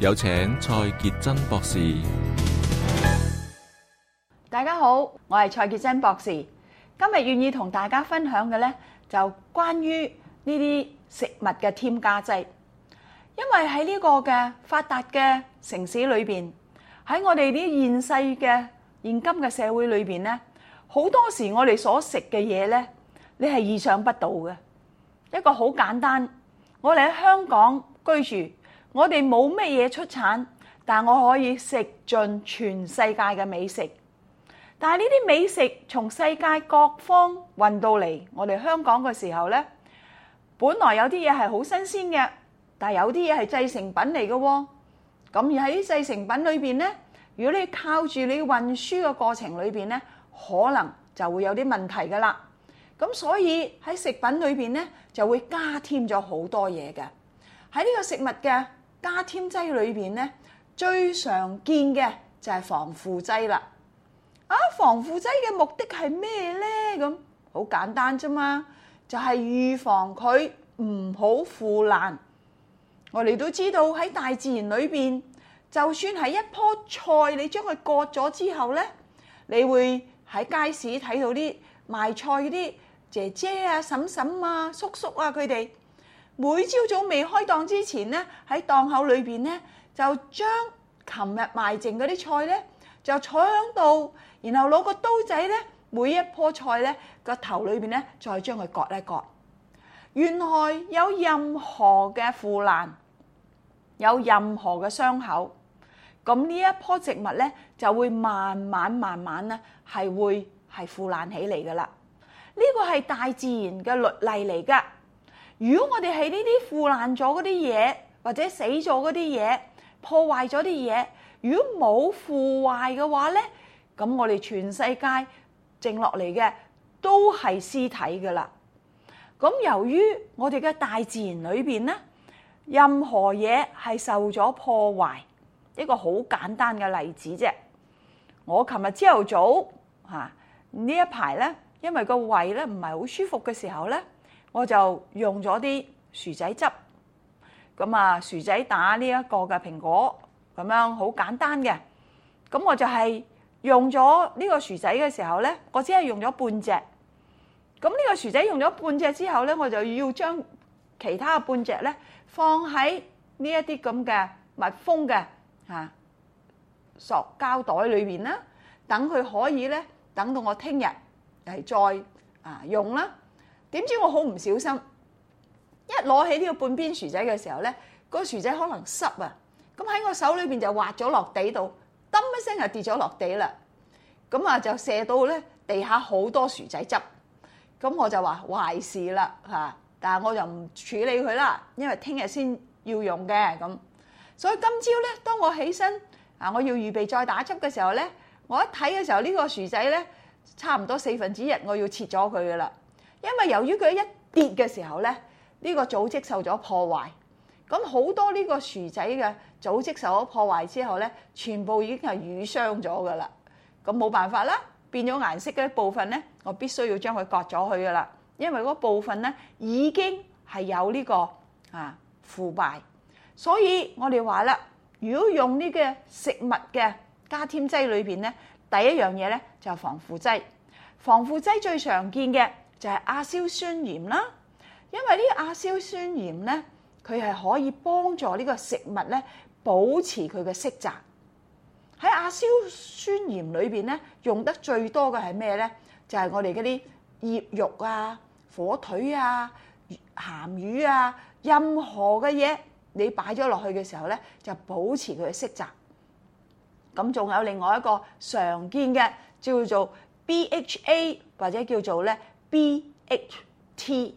有請蔡潔貞博士。大家好，我係蔡潔貞博士。今日願意同大家分享嘅呢，就關於呢啲食物嘅添加劑。因為喺呢個嘅發達嘅城市裏邊，喺我哋啲現世嘅現今嘅社會裏邊呢，好多時我哋所食嘅嘢呢，你係意想不到嘅。一個好簡單，我哋喺香港居住。我哋冇咩嘢出產，但我可以食盡全世界嘅美食。但係呢啲美食從世界各方運到嚟，我哋香港嘅時候呢，本來有啲嘢係好新鮮嘅，但係有啲嘢係製成品嚟嘅。咁而喺製成品裏邊呢，如果你靠住你運輸嘅過程裏邊呢，可能就會有啲問題㗎喇。咁所以喺食品裏邊呢，就會加添咗好多嘢嘅喺呢個食物嘅。加添劑裏邊咧，最常見嘅就係防腐劑啦。啊，防腐劑嘅目的係咩咧？咁好簡單啫嘛，就係預防佢唔好腐爛。我哋都知道喺大自然裏邊，就算係一樖菜，你將佢割咗之後咧，你會喺街市睇到啲賣菜嗰啲姐姐啊、嬸嬸啊、叔叔啊佢哋。每朝早未開檔之前咧，喺檔口裏邊咧，就將琴日賣剩嗰啲菜咧，就坐響度，然後攞個刀仔咧，每一棵菜咧個頭裏邊咧，再將佢割一割。原來有任何嘅腐爛，有任何嘅傷口，咁呢一棵植物咧就會慢慢慢慢咧係會係腐爛起嚟㗎喇。呢個係大自然嘅律例嚟㗎。如果我哋係呢啲腐爛咗嗰啲嘢，或者死咗嗰啲嘢，破壞咗啲嘢，如果冇腐壞嘅話咧，咁我哋全世界剩落嚟嘅都係屍體㗎喇。咁由於我哋嘅大自然裏邊咧，任何嘢係受咗破壞，一個好簡單嘅例子啫。我琴日朝頭早嚇呢、啊、一排咧，因為個胃咧唔係好舒服嘅時候咧。我就用咗啲薯仔汁，咁啊薯仔打呢一個嘅蘋果，咁樣好簡單嘅。咁我就係用咗呢個薯仔嘅時候咧，我只係用咗半隻。咁呢個薯仔用咗半隻之後咧，我就要將其他嘅半隻咧放喺呢一啲咁嘅密封嘅吓塑膠袋裏邊啦。等佢可以咧，等到我聽日嚟，再啊用啦。點知我好唔小心，一攞起呢個半邊薯仔嘅時候咧，嗰個薯仔可能濕啊，咁喺我手裏邊就滑咗落地度，噹一聲就跌咗落地啦。咁啊就射到咧地下好多薯仔汁。咁我就話壞事啦嚇、啊，但係我就唔處理佢啦，因為聽日先要用嘅咁。所以今朝咧，當我起身啊，我要預備再打汁嘅時候咧，我一睇嘅時候呢個薯仔咧，差唔多四分之一我要切咗佢噶啦。因為由於佢一跌嘅時候咧，呢個組織受咗破壞，咁好多呢個薯仔嘅組織受咗破壞之後咧，全部已經係瘀傷咗㗎啦。咁冇辦法啦，變咗顏色嘅部分咧，我必須要將佢割咗佢㗎啦。因為嗰部分咧已經係有呢個啊腐敗，所以我哋話啦，如果用呢個食物嘅加添劑裏邊咧，第一樣嘢咧就係防腐劑。防腐劑最常見嘅。就係亞硝酸鹽啦，因為呢個亞硝酸鹽咧，佢係可以幫助呢個食物咧保持佢嘅色澤。喺亞硝酸鹽裏邊咧，用得最多嘅係咩咧？就係我哋嗰啲醃肉啊、火腿啊、鹹魚啊，任何嘅嘢你擺咗落去嘅時候咧，就保持佢嘅色澤。咁仲有另外一個常見嘅叫做 BHA 或者叫做咧。B H T，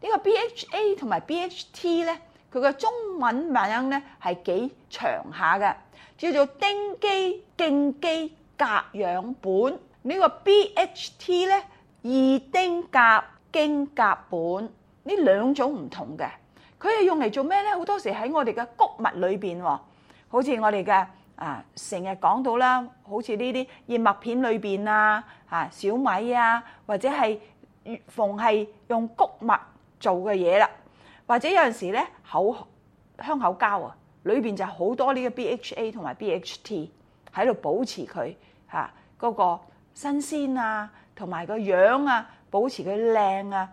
呢個 B H A 同埋 B H T 咧，佢個中文名咧係幾長下嘅，叫做丁基羥基甲氧苯。呢個 B H T 咧，二丁甲羥甲苯。呢兩種唔同嘅，佢係用嚟做咩咧？好多時喺我哋嘅穀物裏邊喎，好似我哋嘅啊，成日講到啦，好似呢啲燕麥片裏邊啊，啊小米啊，或者係。逢係用穀物做嘅嘢啦，或者有陣時咧，口香口膠啊，裏邊就係好多呢個 BHA 同埋 BHT 喺度保持佢吓嗰個新鮮啊，同埋個樣啊，保持佢靚啊。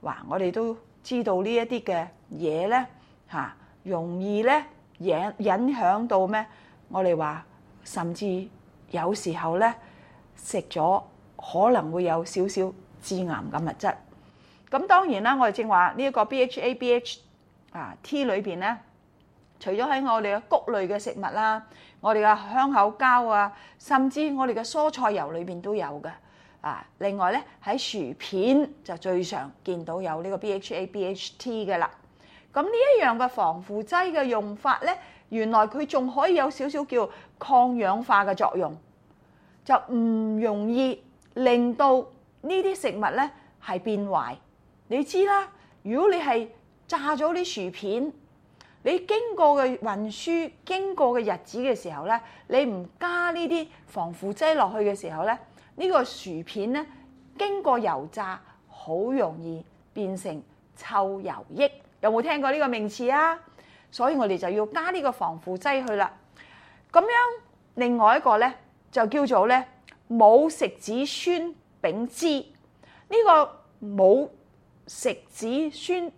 哇！我哋都知道呢一啲嘅嘢咧吓，容易咧影影響到咩？我哋話甚至有時候咧，食咗可能會有少少。致癌嘅物質，咁當然啦。我哋正話呢一個 BHA、BHT 裏邊咧，除咗喺我哋嘅穀類嘅食物啦，我哋嘅香口膠啊，甚至我哋嘅蔬菜油裏邊都有嘅啊。另外咧喺薯片就最常見到有呢個 BHA、BHT 嘅啦。咁呢一樣嘅防腐劑嘅用法咧，原來佢仲可以有少少叫抗氧化嘅作用，就唔容易令到。呢啲食物咧係變壞，你知啦。如果你係炸咗啲薯片，你經過嘅運輸，經過嘅日子嘅時候咧，你唔加呢啲防腐劑落去嘅時候咧，呢個薯片咧經過油炸，好容易變成臭油膉。有冇聽過呢個名詞啊？所以我哋就要加呢個防腐劑去啦。咁樣另外一個咧就叫做咧沒食子酸，丙酯呢個沒食子酸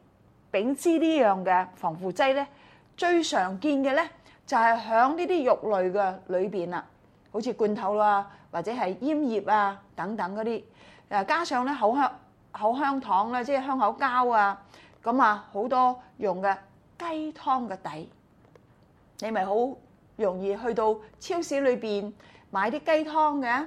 丙酯呢樣嘅防腐劑咧，最常見嘅咧就係響呢啲肉類嘅裏邊啦，好似罐頭啊，或者係腌葉啊等等嗰啲，誒加上咧口香、口香糖咧，即係香口膠啊，咁啊好多用嘅雞湯嘅底，你咪好容易去到超市裏邊買啲雞湯嘅。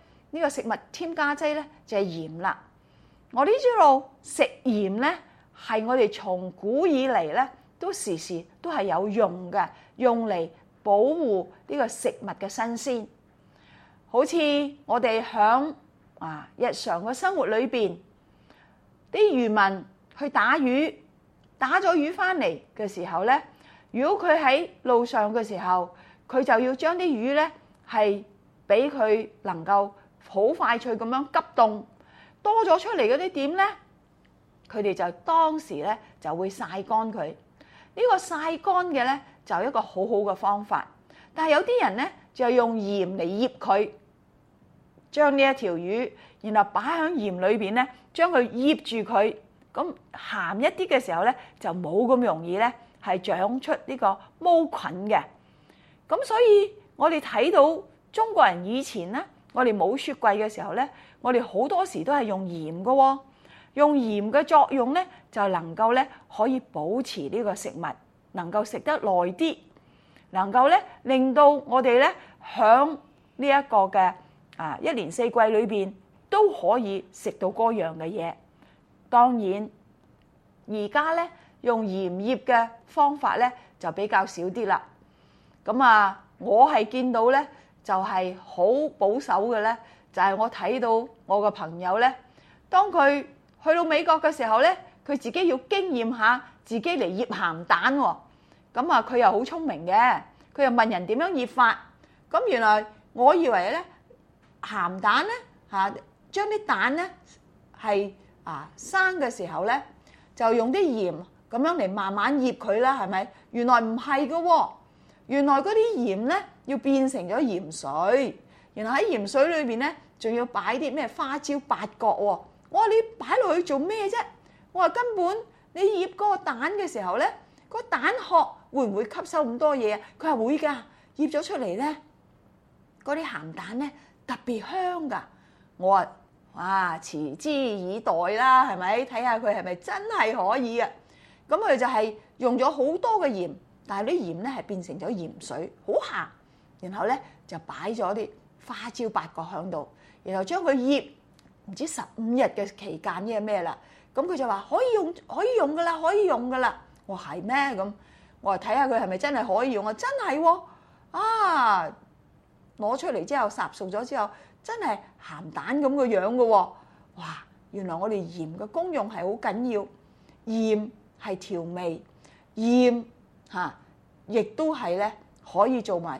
呢個食物添加劑咧就係鹽啦。我呢知道食鹽咧係我哋從古以來咧都時時都係有用嘅，用嚟保護呢個食物嘅新鮮。好似我哋喺啊日常嘅生活裏邊，啲漁民去打魚，打咗魚翻嚟嘅時候咧，如果佢喺路上嘅時候，佢就要將啲魚咧係俾佢能夠。好快脆咁樣急凍多咗出嚟嗰啲點咧？佢哋就當時咧就會曬乾佢，呢個曬乾嘅咧就一個好好嘅方法，但係有啲人咧就用鹽嚟醃佢，將呢一條魚然後擺喺鹽裏邊咧，將佢醃住佢咁鹹一啲嘅時候咧就冇咁容易咧係長出呢個毛菌嘅。咁所以我哋睇到中國人以前咧。我哋冇雪櫃嘅時候咧，我哋好多時都係用鹽嘅，哦，用鹽嘅作用咧，就能夠咧可以保持呢個食物，能夠食得耐啲，能夠咧令到我哋咧響呢一個嘅啊一年四季裏邊都可以食到各樣嘅嘢。當然，而家咧用鹽醃嘅方法咧就比較少啲啦。咁啊，我係見到咧。就係好保守嘅咧，就係我睇到我個朋友咧，當佢去到美國嘅時候咧，佢自己要經驗下自己嚟醃鹹蛋喎。咁啊，佢又好聰明嘅，佢又問人點樣醃法。咁原來我以為咧鹹蛋咧嚇，將啲蛋咧係啊生嘅時候咧，就用啲鹽咁樣嚟慢慢醃佢啦，係咪？原來唔係嘅喎，原來嗰啲鹽咧。要變成咗鹽水，然後喺鹽水裏邊咧，仲要擺啲咩花椒八角喎？我話你擺落去做咩啫？我話根本你醃嗰個蛋嘅時候咧，個蛋殼會唔會吸收咁多嘢啊？佢話會噶，醃咗出嚟咧，嗰啲鹹蛋咧特別香噶。我話哇，持之以待啦，係咪睇下佢係咪真係可以啊？咁佢就係用咗好多嘅鹽，但係啲鹽咧係變成咗鹽水，好鹹。然後咧就擺咗啲花椒八角喺度，然後將佢醃唔知十五日嘅期間，呢係咩啦？咁、嗯、佢就話可以用可以用噶啦，可以用噶啦。我係咩咁？我話睇下佢係咪真係可以用啊？真係喎啊！攞出嚟之後，烚熟咗之後，真係鹹蛋咁個樣噶喎、哦。哇！原來我哋鹽嘅功用係好緊要，鹽係調味，鹽嚇、啊、亦都係咧可以做埋。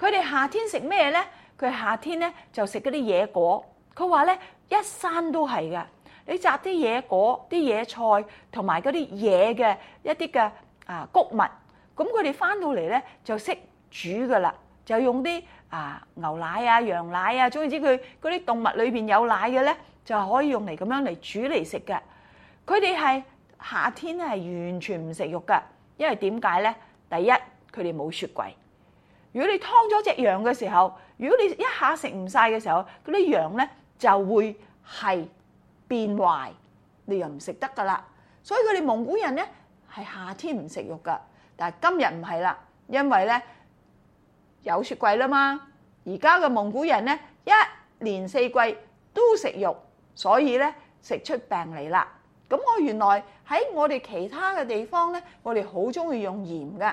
佢哋夏天食咩咧？佢夏天咧就食嗰啲野果。佢話咧，一山都係㗎。你摘啲野果、啲野菜同埋嗰啲野嘅一啲嘅啊穀物。咁佢哋返到嚟咧就識煮噶啦，就用啲啊牛奶啊羊奶啊，總言之佢嗰啲動物裏邊有奶嘅咧，就可以用嚟咁樣嚟煮嚟食嘅。佢哋係夏天咧係完全唔食肉㗎，因為點解咧？第一，佢哋冇雪櫃。如果你劏咗隻羊嘅時候，如果你一下食唔晒嘅時候，嗰啲羊呢就會係變壞，你又唔食得㗎喇。所以佢哋蒙古人呢係夏天唔食肉㗎，但係今日唔係喇，因為呢有雪櫃吖嘛。而家嘅蒙古人呢一年四季都食肉，所以呢食出病嚟喇。咁我原來喺我哋其他嘅地方呢，我哋好鍾意用鹽㗎。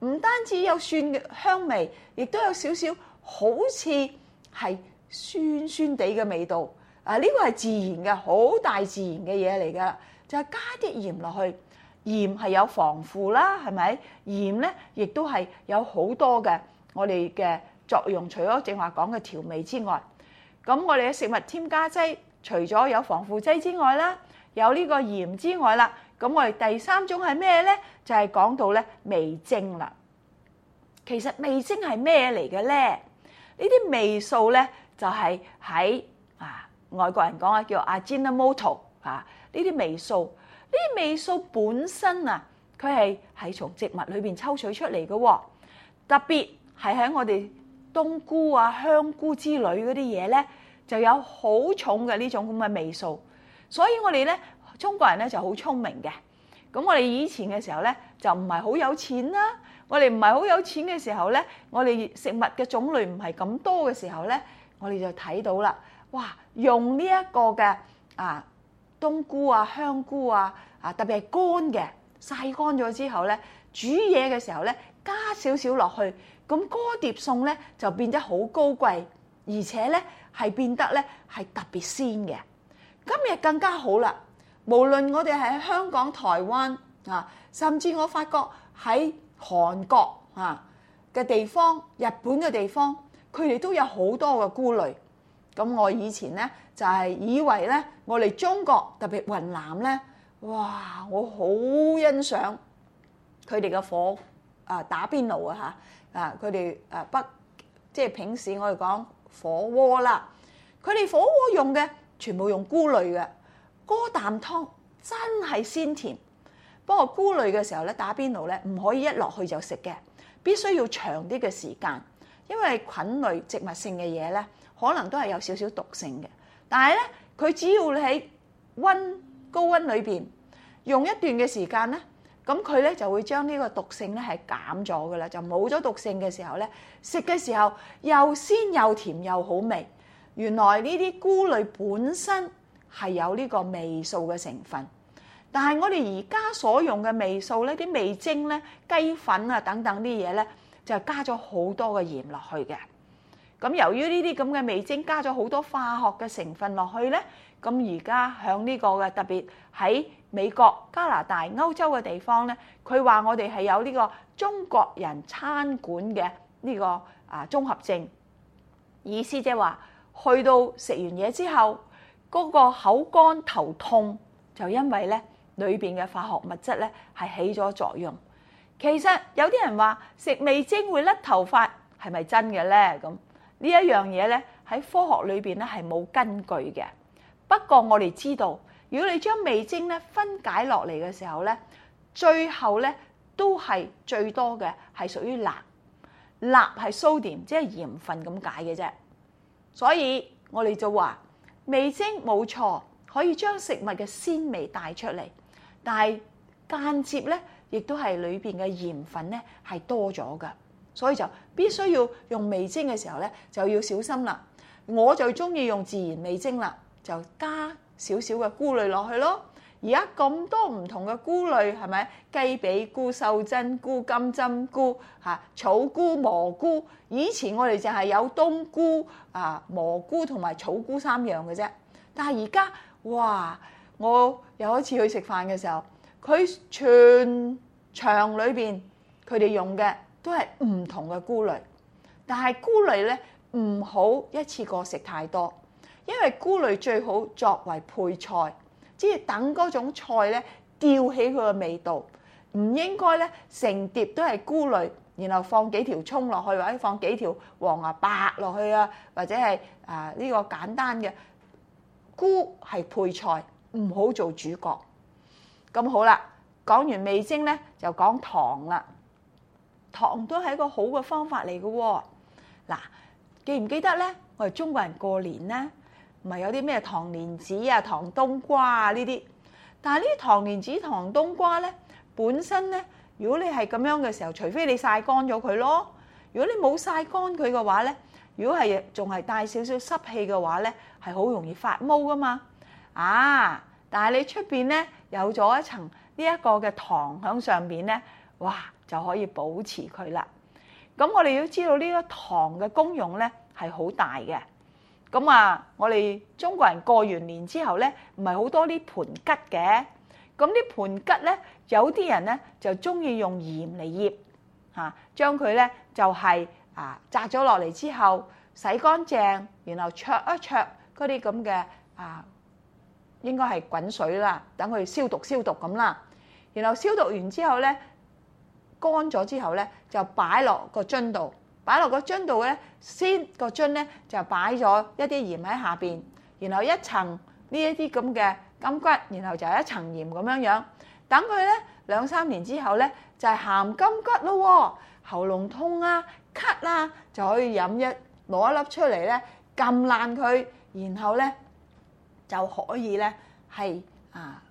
唔單止有蒜嘅香味，亦都有少少好似係酸酸地嘅味道。啊，呢個係自然嘅，好大自然嘅嘢嚟㗎。就係加啲鹽落去，鹽係有防腐啦，係咪？鹽咧，亦都係有好多嘅我哋嘅作用。除咗正話講嘅調味之外，咁我哋嘅食物添加劑，除咗有防腐劑之外啦，有呢個鹽之外啦。咁我哋第三種係咩咧？就係講到咧，味精啦。其實味精係咩嚟嘅咧？呢啲味素咧就係喺啊，外國人講，啊叫 Ajinomoto 啊，呢啲味素。呢啲味素本身啊，佢係係從植物裏邊抽取出嚟嘅喎。特別係喺我哋冬菇啊、香菇之類嗰啲嘢咧，就有好重嘅呢種咁嘅味素。所以我哋咧。中國人咧就好聰明嘅，咁我哋以前嘅時候咧就唔係好有錢啦。我哋唔係好有錢嘅時候咧，我哋食物嘅種類唔係咁多嘅時候咧，我哋就睇到啦。哇！用呢一個嘅啊冬菇啊、香菇啊啊，特別係乾嘅、曬乾咗之後咧，煮嘢嘅時候咧加少少落去，咁個碟餸咧就變得好高貴，而且咧係變得咧係特別鮮嘅。今日更加好啦！無論我哋係香港、台灣啊，甚至我發覺喺韓國啊嘅地方、日本嘅地方，佢哋都有好多嘅菇類。咁我以前呢，就係以為呢，我嚟中國特別雲南呢，哇！我好欣賞佢哋嘅火啊打邊爐啊嚇啊！佢哋啊不即係平時我哋講火鍋啦，佢哋火鍋用嘅全部用菇類嘅。菇啖湯真係鮮甜，不過菇類嘅時候咧，打邊爐咧唔可以一落去就食嘅，必須要長啲嘅時間，因為菌類植物性嘅嘢咧，可能都係有少少毒性嘅。但係咧，佢只要你喺溫高溫裏邊用一段嘅時間咧，咁佢咧就會將呢個毒性咧係減咗噶啦，就冇咗毒性嘅時候咧，食嘅時候又鮮又甜又好味。原來呢啲菇類本身。係有呢個味素嘅成分，但係我哋而家所用嘅味素咧，啲味精咧、雞粉啊等等啲嘢咧，就加咗好多嘅鹽落去嘅。咁、嗯、由於呢啲咁嘅味精加咗好多化學嘅成分落去咧，咁而家響呢個嘅特別喺美國、加拿大、歐洲嘅地方咧，佢話我哋係有呢個中國人餐館嘅呢個啊綜合症，意思即係話去到食完嘢之後。嗰個口乾頭痛就因為咧裏邊嘅化學物質咧係起咗作用。其實有啲人話食味精會甩頭髮，係咪真嘅咧？咁呢一樣嘢咧喺科學裏邊咧係冇根據嘅。不過我哋知道，如果你將味精咧分解落嚟嘅時候咧，最後咧都係最多嘅係屬於鈉，鈉係 sodium，即係鹽分咁解嘅啫。所以我哋就話。味精冇錯，可以將食物嘅鮮味帶出嚟，但係間接咧，亦都係裏邊嘅鹽分咧係多咗㗎，所以就必須要用味精嘅時候咧就要小心啦。我就中意用自然味精啦，就加少少嘅菇類落去咯。而家咁多唔同嘅菇類，係咪？雞髀菇、秀珍菇、金針菇、嚇草菇、蘑菇。以前我哋淨係有冬菇、啊蘑菇同埋草菇三樣嘅啫。但係而家，哇！我有一次去食飯嘅時候，佢全場裏邊佢哋用嘅都係唔同嘅菇類。但係菇類咧唔好一次過食太多，因為菇類最好作為配菜。即係等嗰種菜咧，吊起佢嘅味道，唔應該咧成碟都係菇類，然後放幾條葱落去或者放幾條黃芽白落去啊，或者係啊呢個簡單嘅菇係配菜，唔好做主角。咁好啦，講完味精咧，就講糖啦。糖都係一個好嘅方法嚟嘅喎。嗱，記唔記得咧？我哋中國人過年咧。唔係有啲咩糖蓮子啊、糖冬瓜啊呢啲，但係呢啲糖蓮子、糖冬瓜咧，本身咧，如果你係咁樣嘅時候，除非你曬乾咗佢咯。如果你冇曬乾佢嘅話咧，如果係仲係帶少少濕氣嘅話咧，係好容易發毛噶嘛。啊！但係你出邊咧有咗一層呢一個嘅糖喺上邊咧，哇，就可以保持佢啦。咁我哋要知道呢個糖嘅功用咧係好大嘅。咁啊，我哋中國人過完年之後咧，唔係好多啲盆桔嘅，咁啲盆桔咧，有啲人咧就鍾意用鹽嚟醃，嚇、啊，將佢咧就係、是、啊摘咗落嚟之後，洗乾淨，然後焯一焯嗰啲咁嘅啊，應該係滾水啦，等佢消毒消毒咁啦，然後消毒完之後咧乾咗之後咧就擺落個樽度。擺落個樽度咧，先個樽咧就擺咗一啲鹽喺下邊，然後一層呢一啲咁嘅金橘，然後就一層鹽咁樣樣。等佢咧兩三年之後咧就係鹹金橘咯，喉嚨痛啊、咳啊就可以飲一攞一粒出嚟咧，撳爛佢，然後咧就可以咧係啊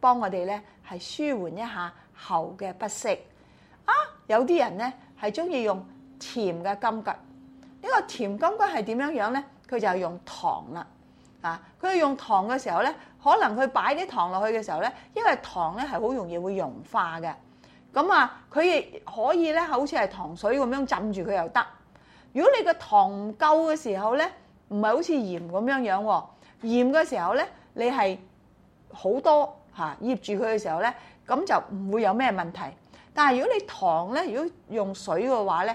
幫我哋咧係舒緩一下喉嘅不適啊。有啲人咧係中意用。甜嘅金桔，呢、這個甜金桔係點樣樣咧？佢就係用糖啦，啊！佢用糖嘅時候咧，可能佢擺啲糖落去嘅時候咧，因為糖咧係好容易會融化嘅，咁啊，佢亦可以咧，好似係糖水咁樣浸住佢又得。如果你個糖唔夠嘅時候咧，唔係好似鹽咁樣樣、啊、喎，鹽嘅時候咧，你係好多嚇，醃、啊、住佢嘅時候咧，咁就唔會有咩問題。但係如果你糖咧，如果用水嘅話咧，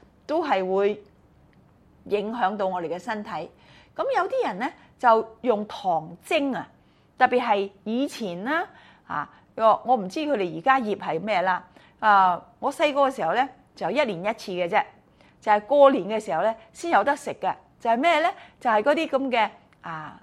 都係會影響到我哋嘅身體，咁有啲人咧就用糖精啊，特別係以前啦啊，我唔知佢哋而家醃係咩啦，啊，我細個嘅時候咧就一年一次嘅啫，就係、是、過年嘅時候咧先有得食嘅，就係咩咧？就係嗰啲咁嘅啊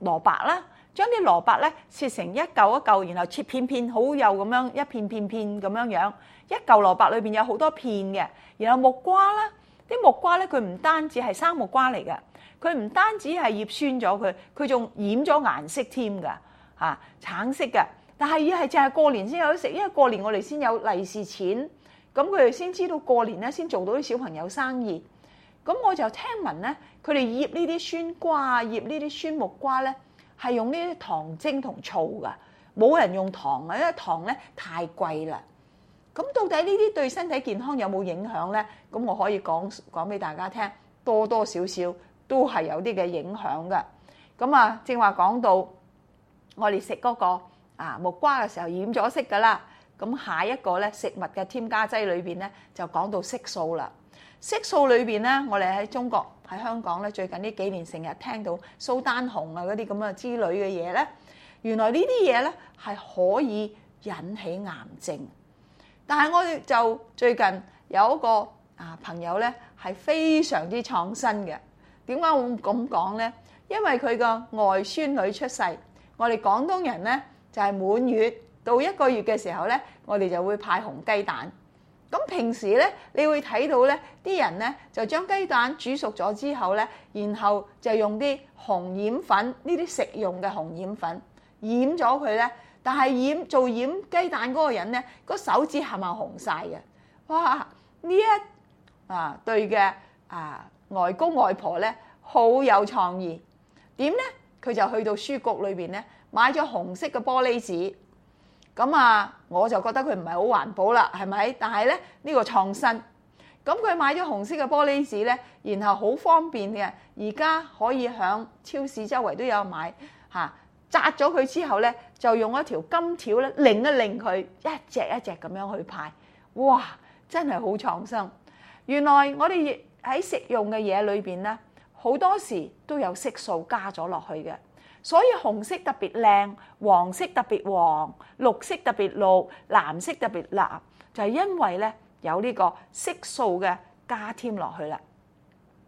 蘿蔔啦，將啲蘿蔔咧切成一嚿一嚿，然後切片片好幼咁樣，一片片片咁樣樣。一嚿蘿蔔裏邊有好多片嘅，然後木瓜啦。啲木瓜咧，佢唔單止係生木瓜嚟嘅，佢唔單止係醃酸咗佢，佢仲染咗顏色添㗎，嚇、啊、橙色嘅。但係要係淨係過年先有得食，因為過年我哋先有利是錢，咁佢哋先知道過年咧先做到啲小朋友生意。咁我就聽聞咧，佢哋醃呢啲酸瓜、醃呢啲酸木瓜咧，係用呢啲糖精同醋㗎，冇人用糖啊，因為糖咧太貴啦。咁到底呢啲對身體健康有冇影響咧？咁我可以講講俾大家聽，多多少少都係有啲嘅影響㗎。咁啊，正話講到我哋食嗰個啊木瓜嘅時候染咗色噶啦。咁下一個咧，食物嘅添加劑裏邊咧就講到色素啦。色素裏邊咧，我哋喺中國喺香港咧，最近呢幾年成日聽到蘇丹紅啊嗰啲咁嘅之類嘅嘢咧，原來呢啲嘢咧係可以引起癌症。但係我哋就最近有一個啊朋友咧係非常之創新嘅，點解會咁講咧？因為佢個外孫女出世，我哋廣東人咧就係滿月到一個月嘅時候咧，我哋就會派紅雞蛋。咁平時咧，你會睇到咧啲人咧就將雞蛋煮熟咗之後咧，然後就用啲紅染粉呢啲食用嘅紅染粉染咗佢咧。但係染做染雞蛋嗰個人咧，個手指係咪紅晒嘅？哇！呢一啊對嘅啊，外公外婆咧好有創意。點咧？佢就去到書局裏邊咧買咗紅色嘅玻璃紙。咁啊，我就覺得佢唔係好環保啦，係咪？但係咧呢、呢個創新。咁佢買咗紅色嘅玻璃紙咧，然後好方便嘅。而家可以喺超市周圍都有買嚇。紮咗佢之後咧，就用一條金條咧，擰一擰佢，一隻一隻咁樣去派。哇！真係好創新。原來我哋喺食用嘅嘢裏邊咧，好多時都有色素加咗落去嘅。所以紅色特別靚，黃色特別黃，綠色特別綠，藍色特別藍，就係因為咧有呢個色素嘅加添落去啦。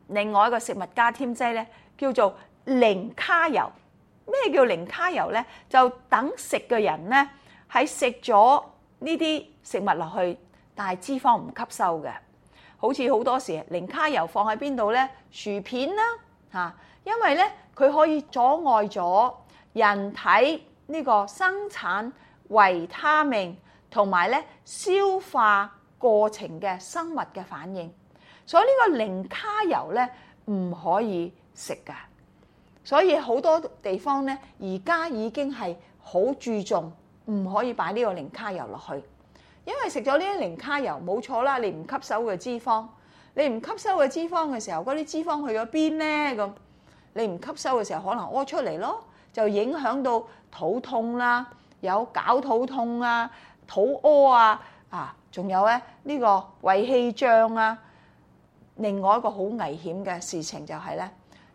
另外一個食物加添劑咧，叫做零卡油。咩叫零卡油呢？就等食嘅人呢，係食咗呢啲食物落去，但係脂肪唔吸收嘅。好似好多時零卡油放喺邊度呢？薯片啦，嚇、啊，因為呢，佢可以阻礙咗人體呢個生產維他命同埋呢消化過程嘅生物嘅反應。所以呢個零卡油呢，唔可以食噶。所以好多地方咧，而家已經係好注重，唔可以擺呢個零卡油落去。因為食咗呢啲零卡油，冇錯啦，你唔吸收嘅脂肪，你唔吸收嘅脂肪嘅時候，嗰啲脂肪去咗邊咧？咁你唔吸收嘅時候，可能屙出嚟咯，就影響到肚痛啦、啊，有搞肚痛啊，肚屙啊，啊，仲有咧呢、呢個胃氣脹啊。另外一個好危險嘅事情就係咧。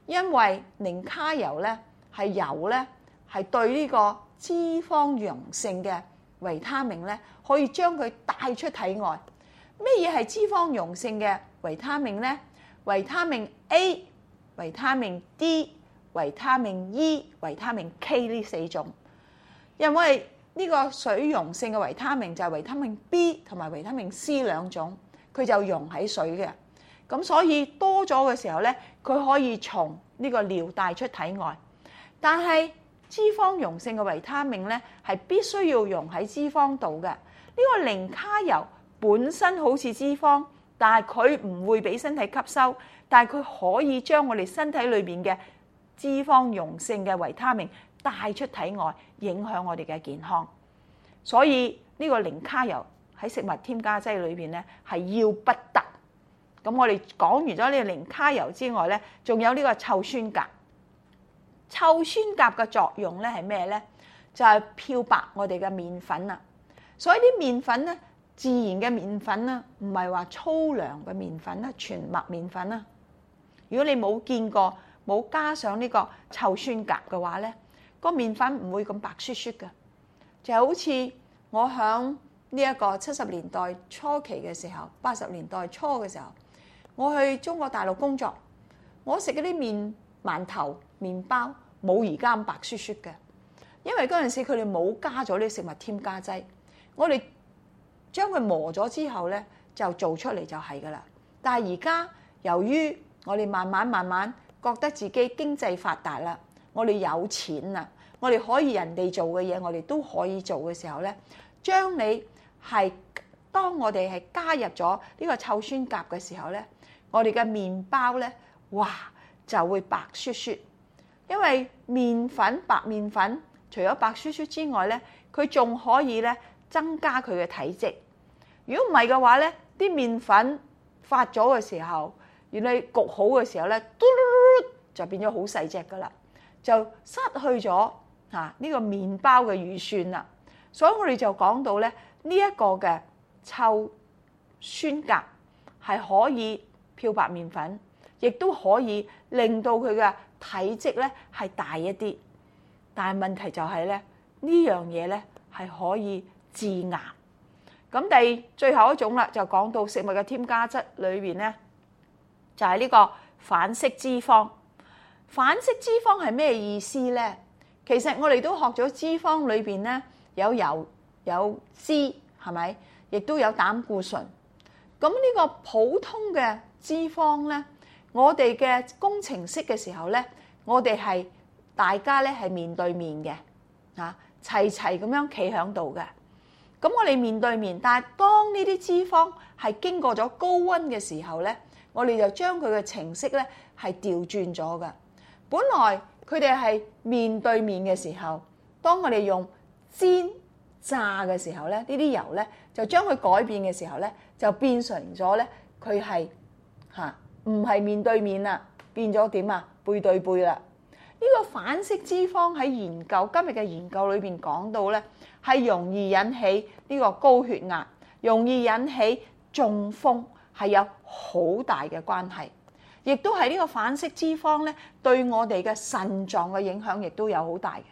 因為磷蝦油咧，係油咧，係對呢個脂肪溶性嘅維他命咧，可以將佢帶出體外。咩嘢係脂肪溶性嘅維他命咧？維他命 A、維他命 D、維他命 E、維他命 K 呢四種。因為呢個水溶性嘅維他命就係維他命 B 同埋維他命 C 兩種，佢就溶喺水嘅。咁所以多咗嘅時候咧，佢可以從呢個尿帶出體外。但係脂肪溶性嘅維他命咧，係必須要溶喺脂肪度嘅。呢個零卡油本身好似脂肪，但係佢唔會俾身體吸收。但係佢可以將我哋身體裏邊嘅脂肪溶性嘅維他命帶出體外，影響我哋嘅健康。所以呢個零卡油喺食物添加劑裏邊咧，係要不得。咁我哋講完咗呢個零卡油之外咧，仲有呢個臭酸鉀。臭酸鉀嘅作用咧係咩咧？就係、是、漂白我哋嘅麵粉啊。所以啲麵粉咧，自然嘅麵粉啦，唔係話粗糧嘅麵粉啦，全麥麵粉啦。如果你冇見過冇加上呢個臭酸鉀嘅話咧，個麵粉唔會咁白雪雪嘅，就好似我響呢一個七十年代初期嘅時候，八十年代初嘅時候。我去中國大陸工作，我食嗰啲麵、饅頭、麵包冇而家咁白雪雪嘅，因為嗰陣時佢哋冇加咗啲食物添加劑。我哋將佢磨咗之後咧，就做出嚟就係㗎啦。但係而家由於我哋慢慢慢慢覺得自己經濟發達啦，我哋有錢啦，我哋可以人哋做嘅嘢，我哋都可以做嘅時候咧，將你係當我哋係加入咗呢個臭酸甲嘅時候咧。我哋嘅麵包咧，哇，就會白雪雪，因為麵粉、白麵粉除咗白雪雪之外咧，佢仲可以咧增加佢嘅體積。如果唔係嘅話咧，啲麵粉發咗嘅時候，原來焗好嘅時候咧，嘟嘟就變咗好細隻噶啦，就失去咗嚇呢個麵包嘅預算啦。所以我哋就講到咧呢一個嘅臭酸甲係可以。漂白麵粉，亦都可以令到佢嘅體積咧係大一啲。但係問題就係咧，呢樣嘢咧係可以致癌。咁第最後一種啦，就講到食物嘅添加劑裏邊咧，就係呢個反式脂肪。反式脂肪係咩意思咧？其實我哋都學咗脂肪裏邊咧有油有脂係咪？亦都有膽固醇。咁呢個普通嘅脂肪咧，我哋嘅工程式嘅時候咧，我哋係大家咧係面對面嘅，啊，齊齊咁樣企喺度嘅。咁我哋面對面，但係當呢啲脂肪係經過咗高溫嘅時候咧，我哋就將佢嘅程式咧係調轉咗㗎。本來佢哋係面對面嘅時候，當我哋用煎炸嘅時候咧，呢啲油咧就將佢改變嘅時候咧，就變成咗咧佢係。嚇，唔係面對面啦，變咗點啊？背對背啦。呢個反式脂肪喺研究今日嘅研究裏邊講到咧，係容易引起呢個高血壓，容易引起中風，係有好大嘅關係。亦都係呢個反式脂肪咧，對我哋嘅腎臟嘅影響亦都有好大嘅。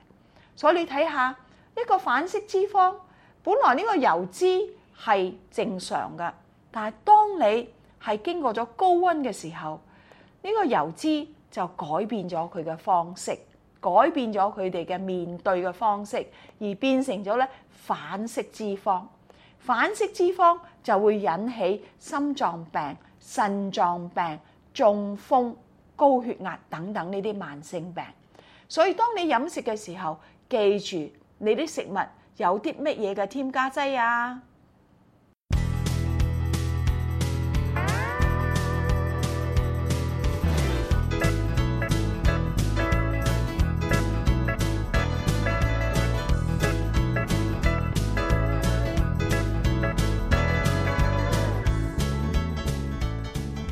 所以你睇下一個反式脂肪，本來呢個油脂係正常嘅，但係當你係經過咗高溫嘅時候，呢個油脂就改變咗佢嘅方式，改變咗佢哋嘅面對嘅方式，而變成咗咧反式脂肪。反式脂肪就會引起心臟病、腎臟病、中風、高血壓等等呢啲慢性病。所以當你飲食嘅時候，記住你啲食物有啲乜嘢嘅添加劑啊！